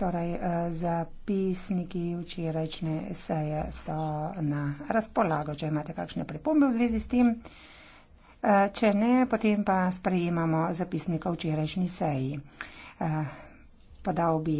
Torej, zapisniki včerajšnje seje so na razpolago, če imate kakšne pripombe v zvezi s tem. Če ne, potem pa sprejemamo zapisnika včerajšnji seji. Podal bi